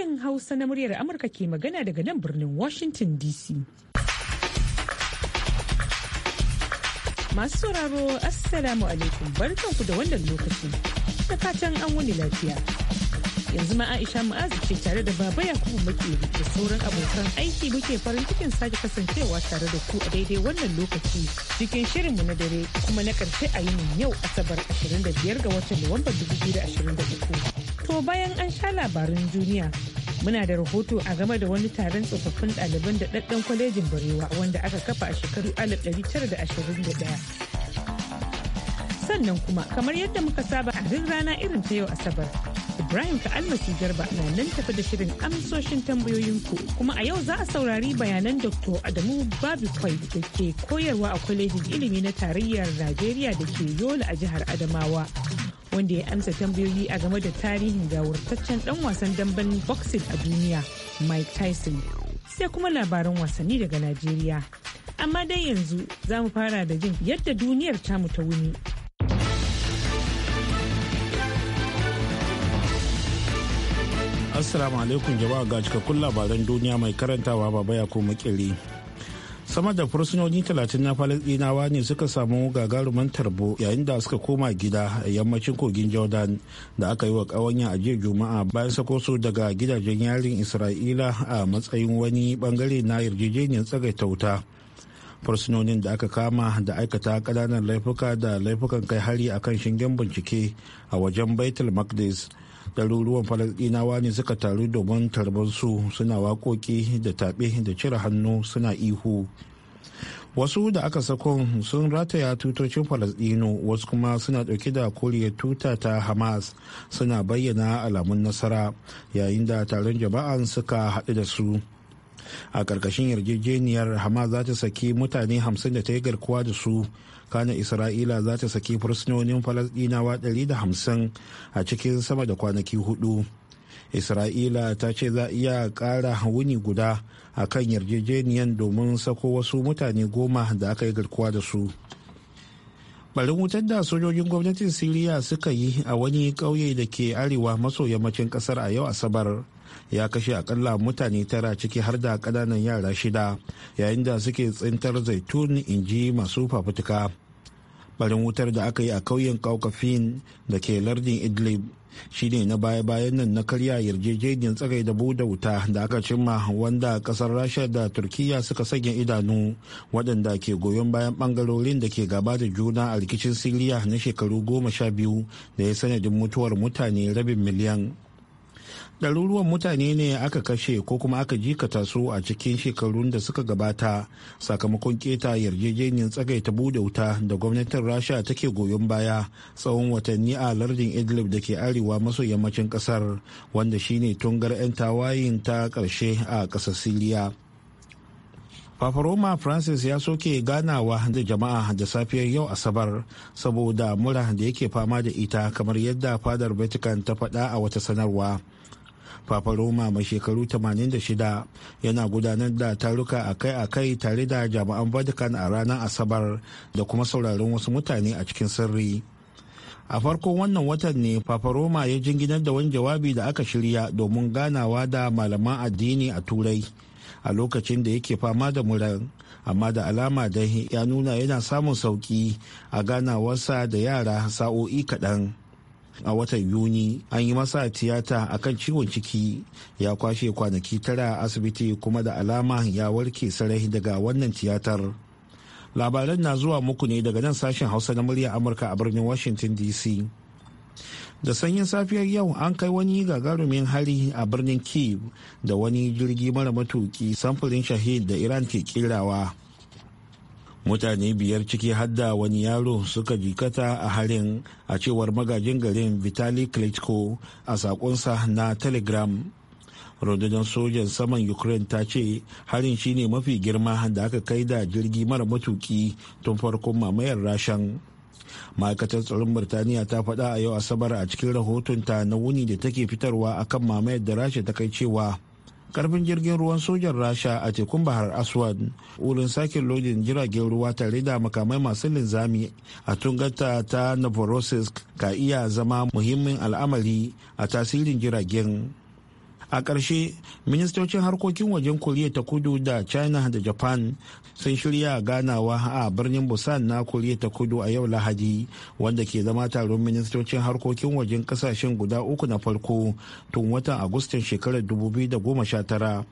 Sashen Hausa na muryar Amurka ke magana daga nan birnin Washington DC. Masu sauraro Assalamu alaikum barkanku da wannan lokacin, Da fatan an wani lafiya. yanzu ma Aisha Mu'azu ce tare da Baba Yakubu muke da sauran abokan aiki muke farin cikin sake kasancewa tare da ku a daidai wannan lokaci cikin mu na dare kuma na karshe a yinin yau Asabar 25 ga watan nuwamba 2023. To bayan an sha labarin duniya muna da rahoto a game da wani taron tsofaffin ɗaliban da ɗaɗɗan kwalejin barewa wanda aka kafa a shekaru 1921 sannan kuma kamar yadda muka saba a duk rana irin ta yau asabar ibrahim ka almasi garba na nan tafi da shirin amsoshin tambayoyinku kuma a yau za a saurari bayanan dr adamu babikwai da ke koyarwa a kwalejin ilimi na tarayyar najeriya da ke yola a jihar adamawa wanda ya amsa tambayoyi a game da tarihin gawurtaccen dan wasan damben boxing a duniya mike tyson sai kuma labaran wasanni daga najeriya amma dai yanzu za mu fara da jin yadda duniyar tamu ta wuni Assalamu alaikum jama'a ga cikakkun labaran duniya mai karantawa baba ya ko makiri. sama da fursunoni talatin na falasdinawa ne suka samu gagarumin tarbo yayin da suka koma gida a yammacin kogin jordan da aka yi wa kawanya a jiya juma'a bayan sako su daga gidajen yarin isra'ila a matsayin wani bangare na yarjejeniyar tsagaita wuta fursunonin da aka kama da aikata kananan laifuka da laifukan kai hari akan shingen bincike a wajen baitul maqdis ɗaruruwan falasɗinawa ne suka taru domin su suna waƙoƙi da taɓe da cire hannu suna ihu wasu da aka sakon sun rataya tutocin falasɗinu wasu kuma suna ɗauke da koriyar tuta ta hamas suna bayyana alamun nasara yayin da taron jama'an suka haɗu da su a ƙarƙashin yarjejeniyar hamas za ta saki mutane hamsin da ta yi garkuwa da su kanin isra'ila za ta saki fursunonin falasdinawa 150 a cikin sama da kwanaki hudu isra'ila ta ce za iya kara wuni guda a kan yarjejeniyan domin sako wasu mutane goma da aka yi garkuwa da su barin wutar da sojojin gwamnatin siriya suka yi a wani ƙauye da ke arewa maso yammacin ƙasar a yau asabar ya kashe akalla mutane tara ciki har da kananan yara shida yayin da suke tsintar zaitun inji masu fafutuka barin wutar da aka yi a kauyen kaukafin da ke lardin idlib shi ne na baya-bayan nan na karya yarjejeniyar tsagai da buɗe wuta da aka cimma wanda ƙasar rasha da turkiyya suka sanya idanu waɗanda ke goyon bayan ɓangarorin da ke gaba da juna a rikicin siriya na shekaru goma sha biyu da ya sanadin mutuwar mutane rabin miliyan ɗaruruwan mutane ne aka kashe ko kuma aka jikata su a cikin shekarun da suka gabata sakamakon keta yarjejeniyar tsagaita bude wuta da gwamnatin rasha take goyon baya tsawon watanni a lardin idlib da ke arewa maso yammacin kasar wanda shine tungar 'yan tawayin ta ƙarshe a ƙasar siriya Fafaroma Francis ya soke ganawa da jama'a da safiyar yau Asabar saboda mura da yake fama da ita kamar yadda fadar Vatican ta faɗa a wata sanarwa. Papa Roma mai shekaru 86 yana gudanar da taruka akai-akai tare da jami'an Vatican a ranar Asabar da kuma sauraron wasu mutane a cikin sirri. A farkon wannan watan ne Papa Roma ya jinginar da wani jawabi da aka shirya domin ganawa da malaman addini a Turai a lokacin da yake fama da muran. amma da alama da ya nuna yana samun sauki a ganawarsa da yara sa'o'i kaɗan. a watan yuni an yi masa tiyata akan ciwon ciki ya kwashe kwanaki tara a asibiti kuma da alama ya warke sarai daga wannan tiyatar labaran na zuwa muku ne daga nan sashen hausa na murya amurka a birnin washington dc da sanyin safiyar yau an kai wani gagarumin hari a birnin kiev da wani jirgi mara matuki samfurin shahid da iran ke kirawa mutane biyar ciki hadda wani yaro suka jikata a harin a cewar magajin garin vitali klitko a sakonsa na telegram rundunar sojan saman ukraine ta ce harin shine mafi girma da aka kai da jirgi mara matuki tun farkon mamayar rashan ma'aikatar tsaron birtaniya ta faɗa a yau asabar a cikin rahotonta na wuni da take fitarwa akan mamayar da rasha ta kai cewa karfin jirgin ruwan sojan rasha a tekun bahar aswad wurin sake lodin jiragen ruwa tare da makamai masu linzami a tungata ta novorossiysk ka iya zama muhimmin al'amari a tasirin jiragen a ƙarshe ministocin harkokin wajen koriya ta kudu da china da japan sun shirya ganawa a birnin busan na koriya ta kudu a yau lahadi wanda ke zama taron ministocin harkokin wajen kasashen guda uku na farko tun watan agustan shekarar 2019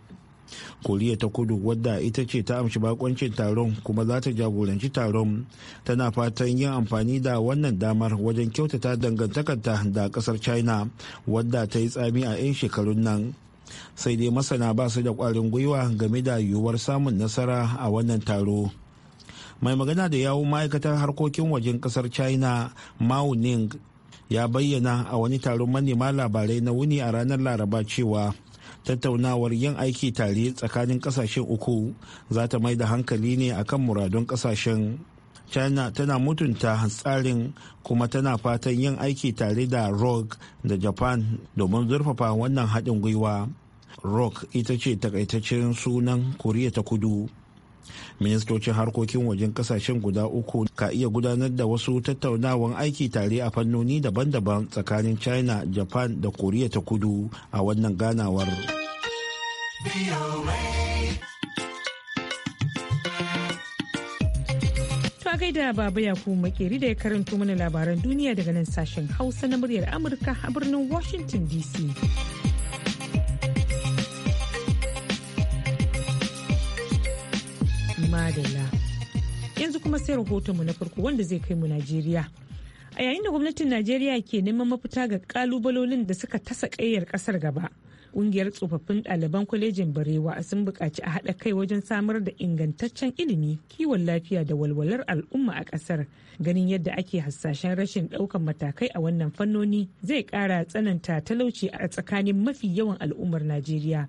koriya ta kudu wadda ita ce ta amshi bakoncin taron kuma za ta jagoranci taron tana fatan yin amfani da wannan damar wajen kyautata dangantakarta da kasar china wadda ta yi tsami a 'yan shekarun nan sai dai masana ba su da kwarin gwiwa game da yiwuwar samun nasara a wannan taro mai magana da yawun ma'aikatar harkokin wajen kasar china mao ning ya bayyana a wani taron manema labarai na wuni a ranar laraba cewa tattaunawar yin aiki tare tsakanin kasashen uku za ta mai da hankali ne a kan muradun kasashen china tana mutunta tsarin kuma tana fatan yin aiki tare da rock da japan domin zurfafa wannan haɗin gwiwa rock ita ce takaitaccen sunan koriya ta kudu ministocin harkokin wajen kasashen guda uku ka iya gudanar da wasu tattaunawan aiki tare a fannoni daban-daban tsakanin china japan da koriya ta kudu a wannan ganawar da baba ku makeri da ya karanto mana labaran duniya daga nan sashen hausa na muryar amurka a birnin washington dc Madalla. Yanzu kuma sai rahotonmu na farko wanda zai kai mu Najeriya. A yayin da gwamnatin Najeriya ke neman mafita ga kalubalolin da suka tasa ƙayyar ƙasar gaba. Ƙungiyar tsofaffin ɗaliban kwalejin Barewa sun buƙaci a haɗa kai wajen samar da ingantaccen ilimi, kiwon lafiya da walwalar al'umma a ƙasar. Ganin yadda ake hasashen rashin ɗaukan matakai a wannan fannoni zai ƙara tsananta talauci a tsakanin mafi yawan al'ummar Najeriya.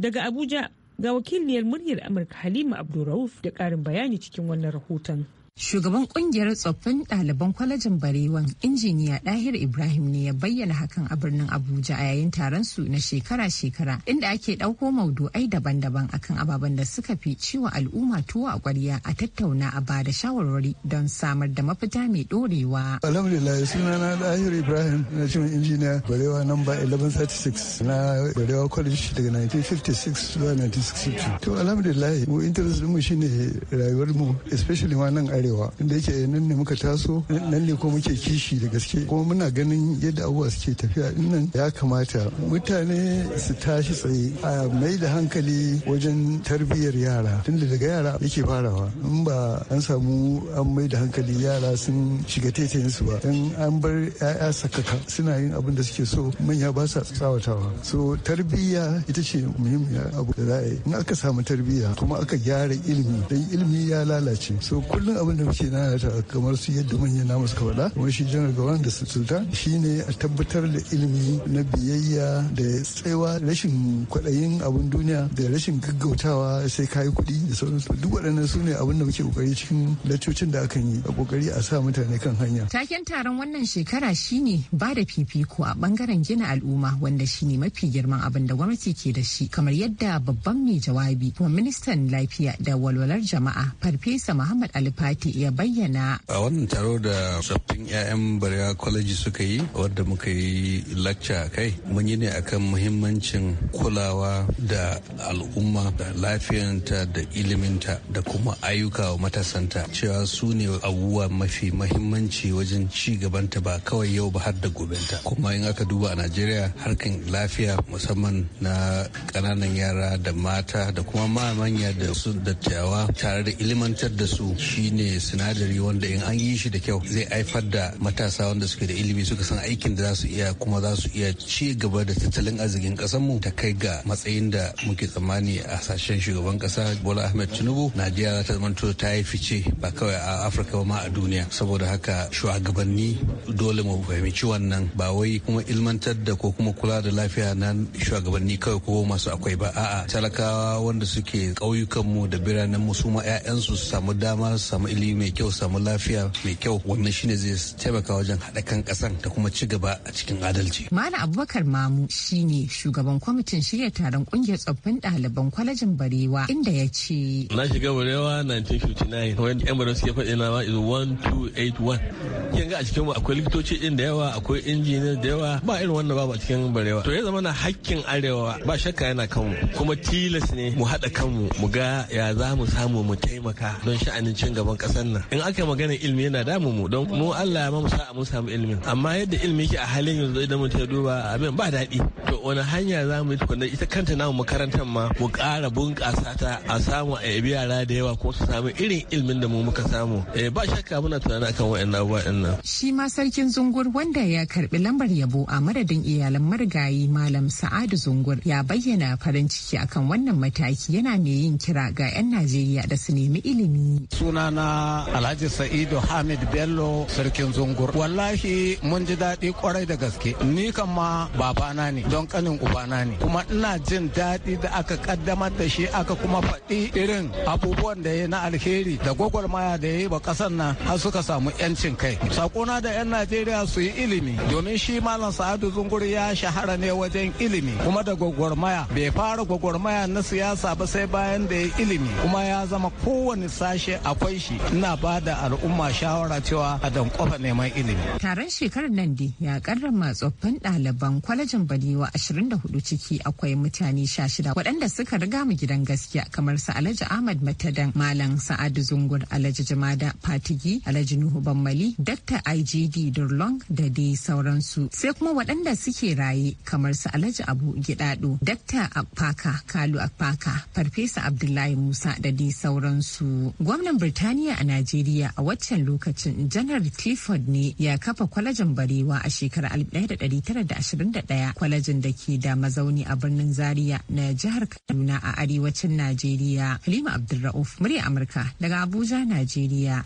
Daga Abuja, Ga wakiliyar muryar Amurka Halima Abdulrauf da karin bayani cikin wannan rahoton. Shugaban kungiyar tsoffin ɗaliban kwalejin Barewan, injiniya Dahir Ibrahim ne ya bayyana hakan a birnin Abuja a yayin taron su na shekara-shekara inda ake ɗauko maudu'ai daban-daban akan ababen da suka fi ciwon al'umma tuwo a ƙwarya a tattauna a ba da shawarwari don samar da mafita mai ɗorewa. Alhamdulillah sunana Dahir Ibrahim na cikin injiniya Barewa namba 1136 na Barewa College daga 1956 zuwa 1960. To alhamdulillah mu interest mu shine rayuwar mu especially wannan nan karewa inda yake nan ne muka taso nan ne ko muke kishi da gaske kuma muna ganin yadda abubuwa suke tafiya nan ya kamata mutane su tashi tsaye a mai da hankali wajen tarbiyyar yara tunda daga yara yake farawa in ba an samu an mai da hankali yara sun shiga taitayin su ba in an bar 'ya'ya sakaka suna yin abin da suke so manya ba sa tsawatawa so tarbiyya ita ce muhimmiyar abu da za a yi in aka samu tarbiyya kuma aka gyara ilimi dan ilimi ya lalace so kullum abin abin da muke na kamar su yadda manyan namu suka faɗa kuma shi janar gawan da su shi shine a tabbatar da ilimi na biyayya da tsaiwa rashin kwaɗayin abin duniya da rashin gaggautawa sai kayi kuɗi da sauransu duk waɗannan su ne abin da muke kokari cikin laccocin da akan yi a kokari a sa mutane kan hanya. Taken taron wannan shekara shine ba da fifiko a bangaren gina al'umma wanda shine mafi girman abin da gwamnati ke da shi kamar yadda babban mai jawabi kuma ministan lafiya da walwalar jama'a farfesa Muhammad Ali ta iya bayyana. A wannan taro da sabbin 'ya'yan Barewa kwaleji suka yi wadda muka yi lacca kai mun yi ne akan muhimmancin kulawa da al'umma da lafiyanta da iliminta da kuma ayyuka wa matasanta cewa su ne abubuwa mafi muhimmanci wajen ci gabanta ba kawai yau ba har da gobenta kuma in aka duba a Najeriya harkan lafiya musamman na ƙananan yara da mata da kuma ma manya da su dattawa tare da ilimantar da su shine mai sinadari wanda in an yi shi da kyau zai haifar da matasa wanda suke da ilimi suka san aikin da za su iya kuma za su iya ci gaba da tattalin arzikin mu ta kai ga matsayin da muke tsammani a sashen shugaban kasa bola ahmed tinubu najeriya za ta zamanto ta yi fice ba kawai a afirka ba ma a duniya saboda haka shugabanni dole mu fahimci wannan ba wai kuma ilmantar da ko kuma kula da lafiya na shugabanni kawai ko masu akwai ba a'a talakawa wanda suke mu da biranen mu su ma 'ya'yansu su samu dama su samu ilimi hankali mai kyau samu lafiya mai kyau wannan shine zai taimaka wajen haɗa kan kasan da kuma ci gaba a cikin adalci. mana Abubakar Mamu shine shugaban kwamitin shirya taron kungiyar tsoffin ɗaliban kwalejin Barewa inda ya ce. Na shiga Barewa 1959 wanda yan Barewa suke faɗi nawa is 1281. Kin ga a cikin mu akwai likitoci din da yawa akwai injiniyar da yawa ba irin wannan babu a cikin Barewa. To ya zama na hakkin arewa ba shakka yana kanmu kuma tilas ne mu haɗa kanmu mu ga ya za mu samu mu taimaka don sha'anin cin gaban ƙasa. in aka magana ilimi yana damu mu don mu Allah ya mamu sa'a mun samu ilimin amma yadda ilimi yake a halin yanzu idan mu ya duba abin ba daɗi to wani hanya za mu yi tukunna ita kanta namu makarantar ma mu ƙara bunƙasa ta a samu a yabi yara da yawa ko su samu irin ilimin da mu muka samu eh, ba shakka muna tunanin akan wa'annan abubuwa ɗin nan. Shi ma sarkin zungur wanda ya karbi lambar yabo a madadin iyalan marigayi malam Sa'adu Zungur ya bayyana farin ciki akan wannan mataki yana mai yin kira ga 'yan Najeriya da su nemi ilimi. Sunana Alhaji Sa'idu Hamid Bello sarkin zungur. Wallahi mun ji daɗi kwarai da gaske. Ni kan ma babana ne don kanin ubana ne. Kuma ina jin daɗi da aka ƙaddamar da shi aka kuma faɗi irin abubuwan da ya na alheri da gwagwarmaya da ya yi ba ƙasar nan har suka samu 'yancin kai. Sakona da 'yan Najeriya su yi ilimi domin shi Malam Sa'adu Zungur ya shahara ne wajen ilimi kuma da gwagwarmaya bai fara gwagwarmaya na siyasa ba sai bayan da ya ilimi kuma ya zama kowane sashe akwai shi ina ba da al'umma shawara cewa a dan kofa neman ilimi taron shekarar nan dai ya karrama tsoffin ɗaliban kwalejin baliwa 24 ciki akwai mutane 16 waɗanda suka riga mu gidan gaskiya kamar su alhaji ahmad matadan malam sa'adu zungur alhaji jamada fatigi alhaji nuhu bammali dakta igd durlong da dai sauransu sai kuma waɗanda suke raye kamar su alhaji abu gidado dakta akpaka kalu akpaka farfesa abdullahi musa da dai sauransu gwamnan birtaniya a Najeriya a waccan lokacin Janar Clifford ne ya kafa kwalejin Barewa a shekarar 1921 kwalejin da ke da mazauni a birnin Zaria na jihar Kaduna a arewacin Najeriya. Halima Abdulra'uf murya Amurka daga Abuja, Najeriya.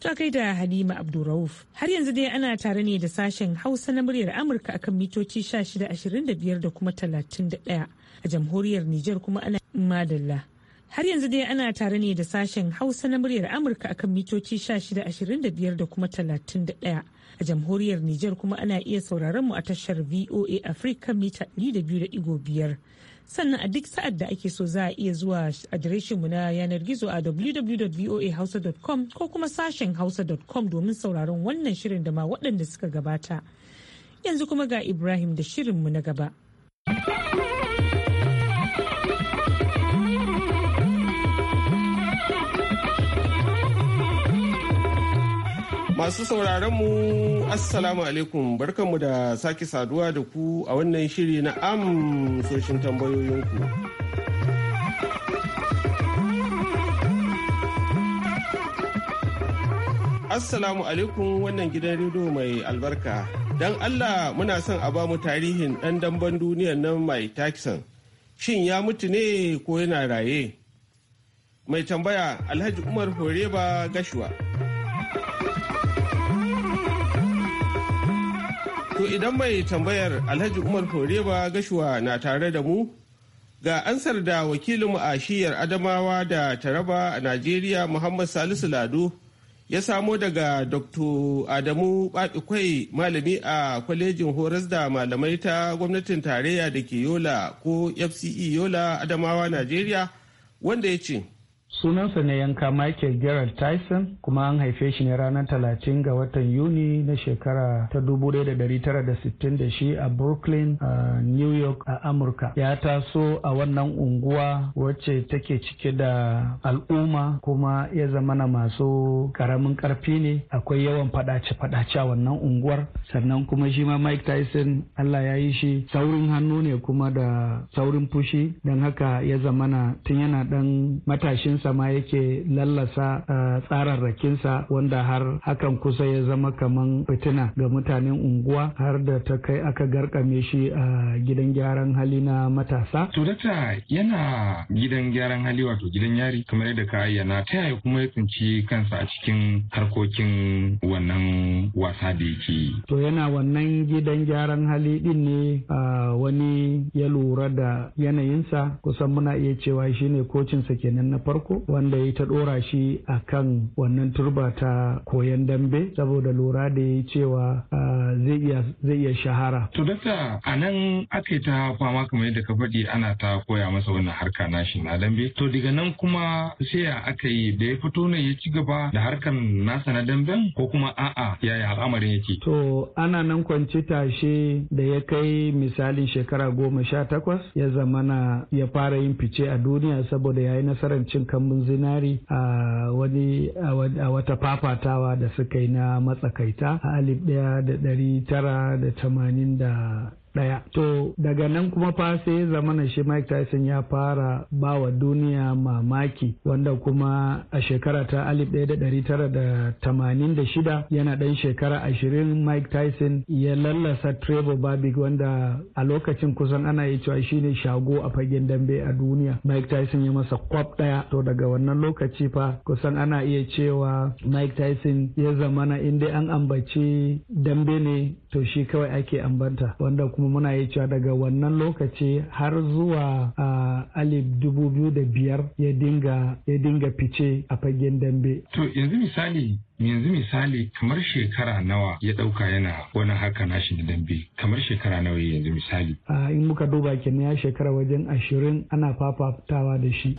Ta kai da Halima Abdulrauf. Har yanzu dai ana tare ne da sashen Hausa na muryar Amurka akan mitoci 1625 da kuma 31 a jamhuriyar Nijar kuma ana madalla. Har yanzu dai ana tare ne da sashen Hausa na muryar Amurka akan mitoci 1625 da kuma 31. A jamhuriyar Nijar kuma ana iya sauraron mu a tashar VOA Africa mita 200.5. Sannan a duk sa'ad da ake so za a iya zuwa adireshinmu na yanar gizo a www.voahausa.com ko kuma sashen hausa.com domin sauraron wannan shirin da ma waɗanda suka gabata. Yanzu kuma ga Ibrahim da shirinmu na gaba. Masu sauraron mu Assalamu alaikum barkanmu da sake saduwa da ku a wannan shiri na amsoshin tambayoyinku. Assalamu alaikum wannan gidan rediyo mai albarka. Don Allah muna son a bamu tarihin ɗan damben duniyan nan mai Tyson. Shin ya mutu ne ko yana raye? Mai tambaya Alhaji Umar Horeba Gashuwa. To idan mai tambayar Alhaji Umar Koreba gashuwa na tare da mu ga ansar da wakilinmu a shiyar Adamawa da Taraba a Najeriya Muhammad Salisu Lado ya samo daga Dr. Adamu Babikwai malami a kwalejin horas da malamai ta gwamnatin tarayya da ke Yola ko FCE Yola Adamawa Najeriya wanda ya ce. sunansa ne yanka michael gerald tyson kuma an haife shi ne ranar talatin ga watan yuni na shekara ta da shi a brooklyn a new york a amurka ya taso a wannan unguwa wacce take cike da al'umma kuma ya zamana masu karamin karfi ne akwai yawan fadace-fadace a wannan unguwar sannan kuma shi ma mike tyson allah ya yi shi saurin hannu ne kuma da saurin fushi don haka ya zamana tun yana dan matashin rakinsa ma yake lallasa eh, tsararrakinsa wanda har hakan kusa ya zama kaman fitina ga mutanen unguwa har da ta kai aka garkame shi a gidan gyaran hali na matasa. To yana gidan gyaran hali wato gidan yari kamar yadda ka ayyana ta yaya kuma ya tsinci kansa a cikin harkokin wannan wasa da yake. To yana wannan gidan gyaran hali din ne wani ya lura da yanayinsa kusan muna iya cewa shine kocinsa kenan na farko Sakko wanda ya ta ɗora shi a kan wannan turba ta koyan dambe saboda lura da ya cewa zai iya shahara. To dakta a nan aka ta fama kamar yadda ka faɗi ana ta koya masa wannan harka nashi na dambe. To daga nan kuma sai ya aka yi da ya fito ne ya ci gaba da harkan nasa na damben ko kuma a'a yaya al'amarin yake. To ana nan kwance tashe da ya kai misalin shekara goma sha takwas ya zamana ya fara yin fice a duniya saboda ya yi nasarar cin kambun zinari a wani a wata fafatawa da suka yi na matsakaita a alif ɗaya da ɗari tara da tamanin da ɗaya to daga nan kuma fa sai zamana shi mike tyson ya fara ba wa duniya mamaki wanda kuma a shekara ta 1986 yana ɗan shekara 20 mike tyson ya lallasa trevor babig wanda a lokacin kusan ana yi cewa shine shago a fagen dambe a duniya mike tyson ya masa kwab ɗaya to daga wannan lokaci fa kusan ana iya cewa mike tyson ya zamana inda an ambaci dambe ne to shi kawai ake ambanta wanda kuma muna yi cewa daga wannan lokaci har zuwa alif dubu biyu da biyar ya dinga fice a fagen dambe. To yanzu misali yanzu misali kamar shekara nawa ya dauka yana wani haka nashi na dambe kamar shekara nawa yanzu misali. in muka duba kenan ya shekara wajen ashirin ana fafatawa da shi.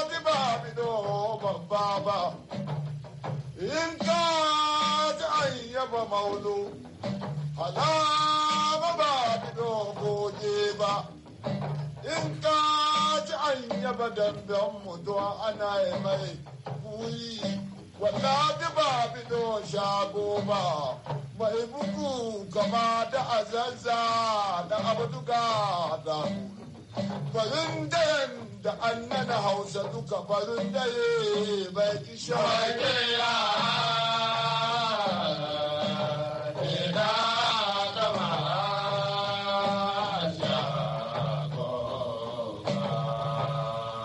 fito babba ba in ka ji an yaba maulu halama ba fito goge ba in ka ji an yaba damben mutuwa ana yi mai kuyi wallahi ba fito shago ba mai buku kama da azazza da abu duka da barin dayan da annana hausa duka barin daye baki shaƙiya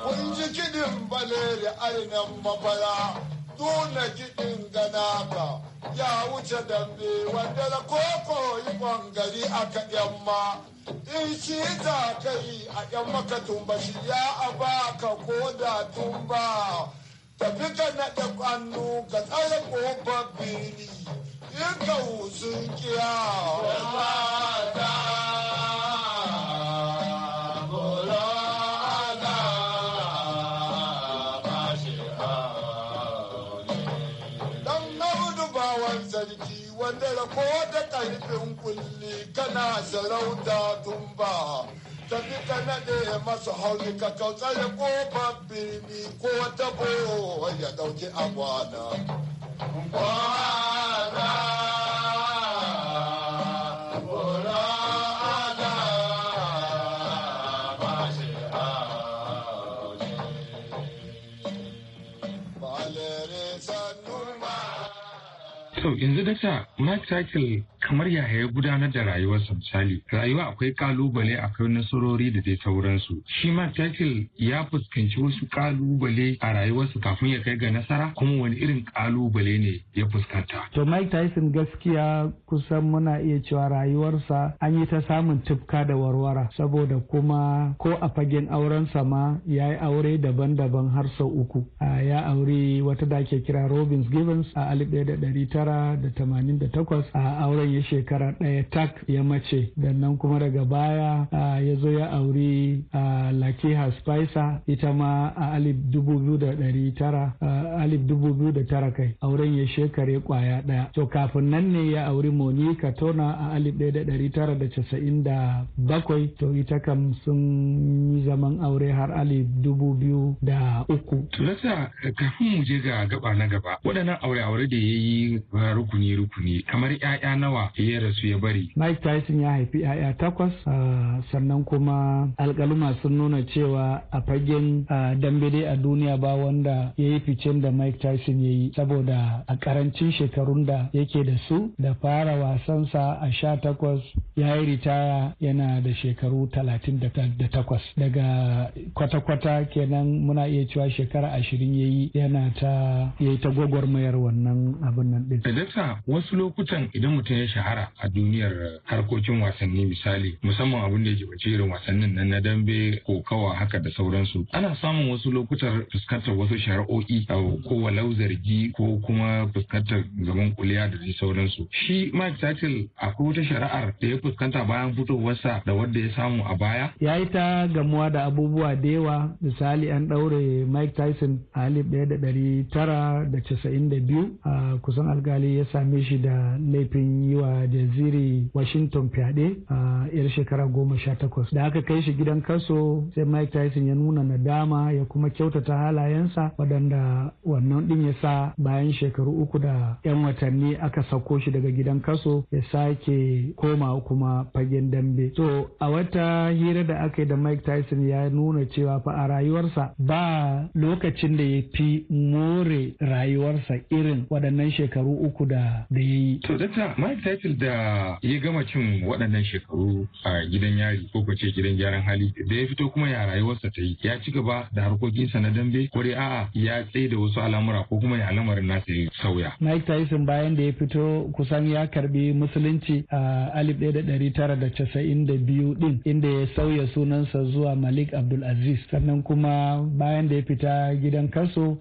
Kun ji kiɗin baleri arinan mafara. tuna kiɗin gana ka ya wuce dambe wanda da koko ikon a aka yamma in shi ta yi a yan maka tumba shi ya ba ka tun tumba tafi ka naɗa kwannu ka tsare ƙofar bini in ka wusun kiya. ko da ƙarfin kulli kana sarauta tumba tafi ka naɗe masu hauri ka kautsar ƙofar birni ko ta ya ɗauki agwana. Kwana! To yanzu dakta Mark Tackle kamar ya ya gudanar da rayuwarsa misali rayuwa akwai kalubale akwai nasarori da dai sauransu shi ma Churchill ya fuskanci wasu kalubale a rayuwarsa kafin ya kai ga nasara kuma wani irin kalubale ne ya fuskanta to Mike Tyson gaskiya kusan muna iya cewa rayuwarsa an yi ta samun tufka da warwara saboda kuma ko a fagen aurensa ma ya yi aure daban-daban har sau uku ya aure wata da ake kira Robins Givens a 1988 a auren ya shekara ɗaya tak ya mace dannan kuma daga baya ya zo ya auri lakiha spicer ita ma a alif dubu biyu da tara alif dubu biyu da tara kai auren ya shekare kwaya ɗaya to kafin nan ne ya auri monica tona a alif ɗaya da ɗari tara da casa'in da bakwai to ita kam sun yi zaman aure har alif dubu biyu da uku. Lasa kafin mu je ga gaba na gaba waɗannan aure-aure da ya yi rukuni-rukuni kamar ‘ya'ya nawa fiye ya rasu ya bari. Mike Tyson ya haifi 'ya'ya takwas sannan kuma alkaluma sun nuna cewa a fagen dambe a duniya ba wanda ya yi ficen da Mike Tyson ya yi saboda a karancin shekarun da yake da su da fara wasansa a sha takwas ya yi ritaya yana da shekaru talatin da takwas daga kwata-kwata kenan muna iya cewa shekara ashirin ya yi yana ta ya yi ta gwagwarmayar wannan abin nan ɗin. Da wasu lokutan idan mutum ya shahara a duniyar harkokin wasanni misali musamman abin da ya jibace irin wasannin nan na dambe ko kawa haka da sauransu ana samun wasu lokutan fuskantar wasu shari'o'i ko walau zargi ko kuma fuskantar zaman kuliya da sauransu shi Mike Tatil akwai wata shari'ar da ya fuskanta bayan fitowarsa da wadda ya samu a baya ya yi ta gamuwa da abubuwa da yawa misali an ɗaure Mike Tyson a alif ɗaya da ɗari tara da casa'in da biyu a kusan alkali ya same shi da laifin yi wa ziri Washington fyaɗe a yar shekara goma sha takwas. Da aka kai shi gidan kaso sai Mike Tyson ya nuna nadama ya kuma kyautata halayensa waɗanda wannan ɗin ya sa bayan shekaru uku da 'yan watanni aka sauko shi daga gidan kaso ya sake koma kuma fagen dambe. To a wata hira da aka yi da Mike Tyson ya nuna cewa fa a rayuwarsa ba lokacin da ya fi more rayuwarsa irin waɗannan shekaru uku da da yi. Saifil da ya gama cin waɗannan shekaru a gidan yari ko ce gidan gyaran hali da ya fito kuma ya rayuwarsa ta yi ya ci gaba da harkokinsa na dambe ko dai a'a ya tsaye da wasu al'amura ko kuma ya al'amarin nasa ya sauya. Mike Tyson bayan da ya fito kusan ya karbi musulunci a alif ɗaya da ɗari tara da casa'in da biyu ɗin inda ya sauya sunansa zuwa Malik Abdul sannan kuma bayan da ya fita gidan kaso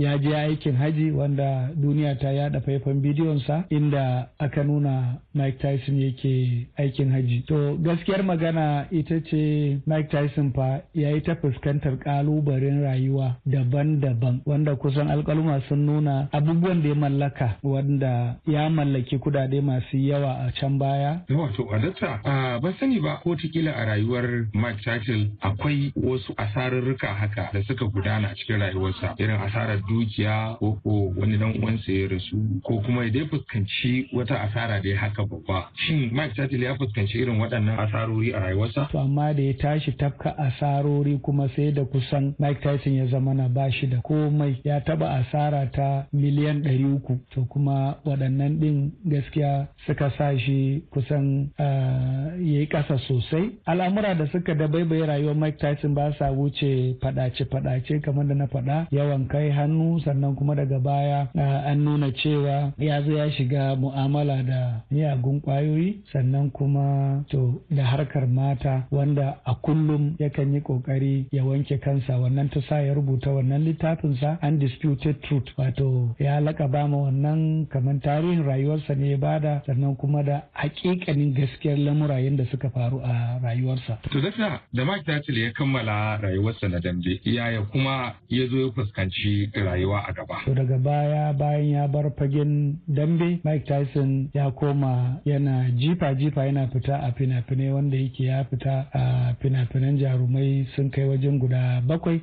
ya je aikin haji wanda duniya ta yada faifan bidiyonsa inda aka aka nuna Mike Tyson yake aikin haji. To gaskiyar magana ita ce Mike Tyson fa ya yi ta fuskantar kalubalen rayuwa daban-daban wanda kusan alkaluma sun nuna abubuwan da ya mallaka wanda ya mallaki kudade masu yawa a can baya. Wato Adatta ba sani ba ko tikila a rayuwar Mike Tyson akwai wasu asararruka haka da suka gudana cikin rayuwarsa irin asarar dukiya ko wani dan uwansa ya rasu ko kuma ya dai fuskanci wata asara da ya haka babba shin mike tatil ya fuskanci irin waɗannan asarori a rayuwarsa to amma da ya tashi tafka asarori kuma sai da kusan mike tyson ya zama na bashi da komai ya taba asara ta miliyan ɗari uku to kuma waɗannan ɗin gaskiya suka sa shi kusan ah, ya yi ƙasa sosai al'amura da suka dabaibaye rayuwar mike tyson ba sa wuce faɗace-faɗace kamar da na faɗa yawan kai hannu sannan kuma daga baya ah, an nuna cewa ya zo ya shiga mu'amala hulɗa da miyagun kwayoyi sannan kuma to da harkar mata wanda a kullum yakan yi ƙoƙari ya wanke kansa wannan ta sa ya rubuta wannan littafinsa undisputed truth wato ya laƙaba ma wannan kamar tarihin rayuwarsa ne ya bada sannan kuma da hakikanin gaskiyar lamura yadda suka faru a rayuwarsa. To dakta da Mike Tatil ya kammala rayuwarsa na dambe yaya kuma ya zo ya fuskanci rayuwa a gaba. To daga baya bayan ya bar fagen dambe Mike Tyson ya koma yana jifa-jifa yana fita a fina-finai wanda yake ya fita a fina-finan jarumai sun kai wajen guda bakwai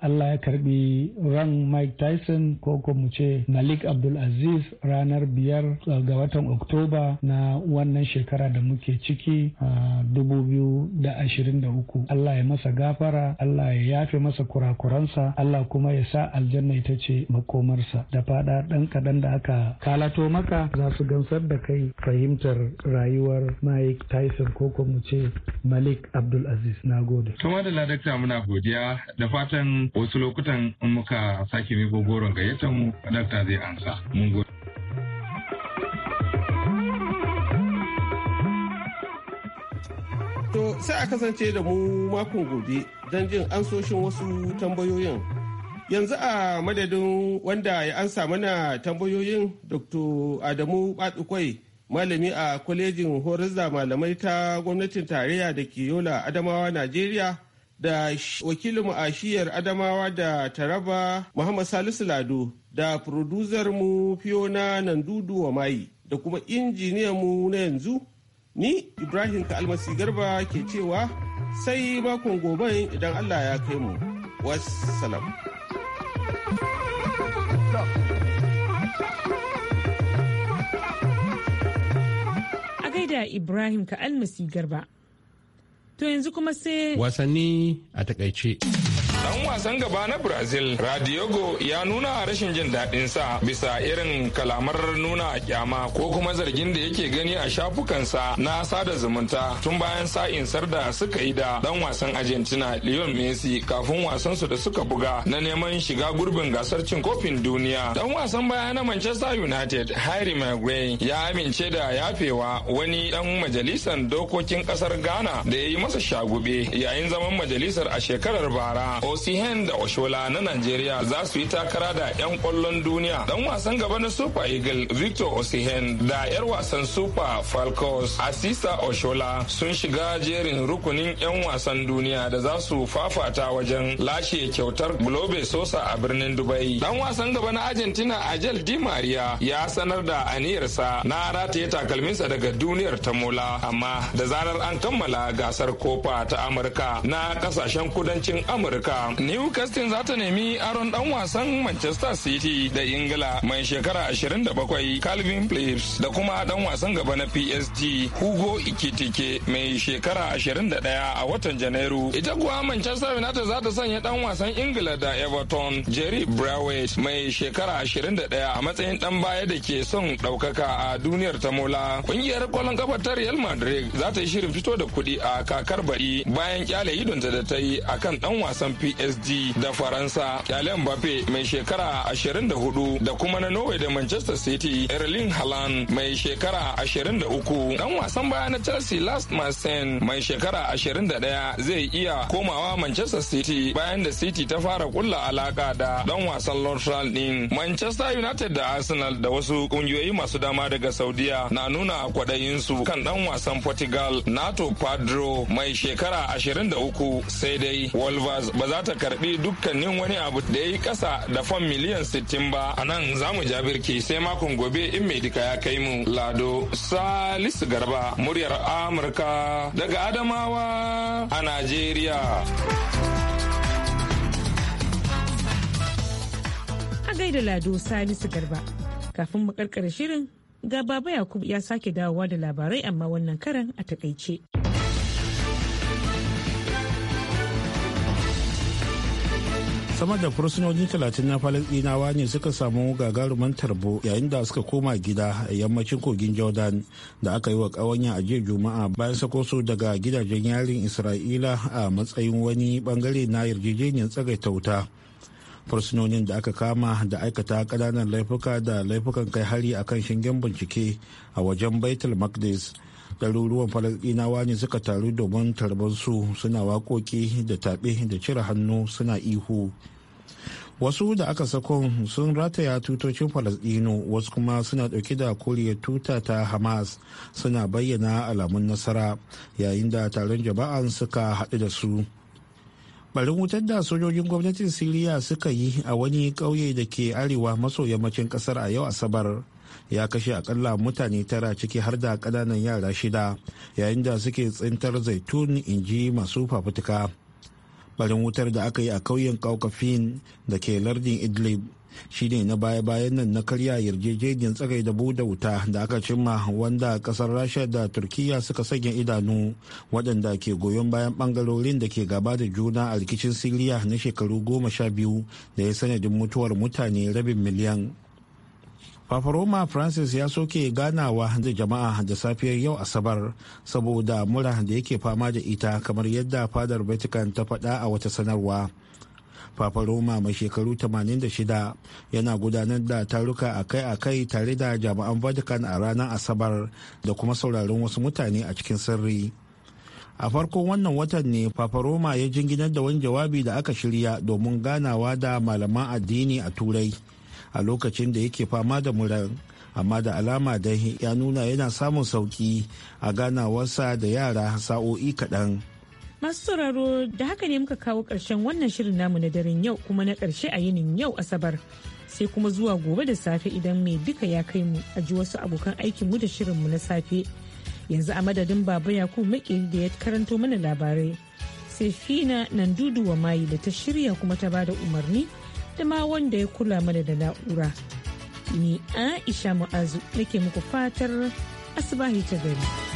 Allah ya karbi ran Mike Tyson ko ko mu ce Malik Abdulaziz ranar biyar ga watan Oktoba na wannan shekara da muke ciki dubu biyu da ashirin da uku Allah ya masa gafara Allah ya yafe masa kurakuransa Allah kuma ya sa aljanna ita ce makomarsa da fada ɗan kaɗan da aka kalato maka za su gansa gamsar da kai fahimtar rayuwar Mike Tyson ko kuma mu ce Malik Abdul Aziz na gode. Kuma da ladakta muna godiya da fatan wasu lokutan in muka sake miko gogoron gayyatar mu ladakta zai ansa. Mun gode. To sai a kasance da mu makon gobe don jin ansoshin wasu tambayoyin. yanzu a madadin wanda ya ansa mana tambayoyin dr adamu batukwai malami a kwalejin horar malamai ta gwamnatin tarayya da ke yola adamawa najeriya da wakilinmu a shiyar adamawa da taraba muhammad salisu lado da mu fiona nandudu wa mai da kuma mu na yanzu ni ibrahim kalmasi garba ke cewa sai makon gobe idan allah ya kai mu wassalam. da Ibrahim Ka'almasi Garba. To yanzu kuma sai wasanni a takaice. dan wasan gaba na brazil radiogo ya nuna rashin jin daɗin sa bisa irin kalamar nuna a kyama ko kuma zargin da yake gani a shafukansa na sada zumunta tun bayan sa'in sarda suka yi da dan wasan argentina leon messi kafin wasansu da suka buga na neman shiga gurbin gasar cin kofin duniya dan wasan baya na manchester united harry maguire ya amince da yafewa wani dan majalisar dokokin kasar ghana da ya yi masa shagube yayin zaman majalisar a shekarar bara Osihen da Oshola na Najeriya za su yi takara da 'yan kwallon duniya dan wasan gaba na Super Eagle Victor Osihen da 'yar wasan Super Falcons Asisa Oshola sun shiga jerin rukunin 'yan wasan duniya da za su fafata wajen lashe kyautar Globe Sosa a birnin Dubai. Dan wasan gaba na Argentina Ajel Di Maria ya sanar da aniyarsa na rataye takalminsa daga duniyar ta mola amma da zarar an kammala gasar kofa ta Amurka na kasashen kudancin Amurka Newcastle za ta nemi aron dan wasan Manchester City da Ingila mai shekara 27 Calvin Phillips da kuma dan wasan gaba na PSG Hugo Ikitike mai shekara 21 a watan Janairu. Ita kuwa Manchester United za ta sanya dan wasan Ingila da Everton Jerry Browett mai shekara 21 a matsayin dan baya da ke son ɗaukaka a duniyar ta mola. Kungiyar kwallon kafa ta Real Madrid za ta yi shirin fito da kuɗi a kakar bari bayan kyale idonta da ta yi akan dan wasan PSG PSG da faransa kyale mbappe mai shekara 24 da kuma na norway da manchester city erling haaland mai shekara 23 dan wasan baya na chelsea last marsen mai shekara 21 zai iya komawa manchester city bayan da city ta fara kulla alaka da dan wasan lotral din manchester united da arsenal da wasu kungiyoyi masu dama daga saudiya na nuna kwadayinsu kan dan wasan portugal nato padro mai shekara 23 sai dai wolvers ba za ta karbi dukkanin wani abu da ya yi kasa da fam miliyan 60 ba a nan za mu jabirki sai makon gobe in mai dika ya kai mu lado salisu garba muryar amurka daga adamawa a najeriya a gaida lado salisu garba kafin mu karkar shirin ga baba yakubu ya sake dawowa da labarai amma wannan karan a takaice. sama da fursunoni talatin na falasdinawa ne suka samu gagarumin tarbo yayin da suka koma gida a yammacin kogin jordan da aka yi wa kawanya a jiya juma'a bayan sako su daga gidajen yarin isra'ila a matsayin wani bangare na yarjejeniyar tsagaita wuta fursunonin da aka kama da aikata ƙananan laifuka da laifukan kai hari a kan shingen bincike a wajen baitul maqdis ɗaruruwan falasɗinawa ne suka taru domin su suna waƙoƙi da taɓe da cire hannu suna ihu wasu da aka sako sun rataya tutocin falasɗinu wasu kuma suna ɗauke da koriya tuta ta hamas suna bayyana alamun nasara yayin da taron jama'an suka haɗu da su barin wutar da sojojin gwamnatin siriya suka yi a wani ƙauye da ke arewa maso yammacin ƙasar a yau asabar ya kashe akalla mutane tara ciki har da kananan yara shida yayin da suke tsintar zaitun inji masu fafutuka barin wutar da aka yi a kauyen kaukafin da ke lardin idlib shine na baya-bayan nan na karya yarjejeniyar tsagai da buɗe wuta da aka cimma wanda kasar rasha da turkiya suka sanya idanu waɗanda ke goyon bayan ɓangarorin da ke gaba da juna a rikicin siriya na shekaru goma sha biyu da ya sanadin mutuwar mutane rabin miliyan Papa Roma Francis ya soke ganawa da jama'a da safiyar yau Asabar saboda mura da yake fama da ita kamar yadda fadar Vatican ta faɗa a wata sanarwa. Papa mai shekaru 86 yana gudanar da taruka akai-akai tare da jama'an Vatican a ranar Asabar da kuma sauraron wasu mutane a cikin sirri. a farkon wannan watan ne papa roma ya jinginar da wani jawabi da aka shirya domin ganawa da malaman addini a turai a lokacin da yake fama da muran amma da alama dai ya nuna yana samun sauki a ganawarsa da yara sa'o'i kaɗan. Masu sauraro da haka ne muka kawo ƙarshen wannan shirin namu na daren yau kuma na ƙarshe a yinin yau Asabar. Sai kuma zuwa gobe da safe idan mai duka ya kai mu a ji wasu abokan aikin mu da shirin mu na safe. Yanzu a madadin Baba Yakubu Makeri da ya karanto mana labarai. Sai Fina nan wa mai da ta shirya kuma ta bada umarni da ma wanda ya kula mana da na'ura. Ni Aisha Mu'azu nake muku fatar asibahi ta gari.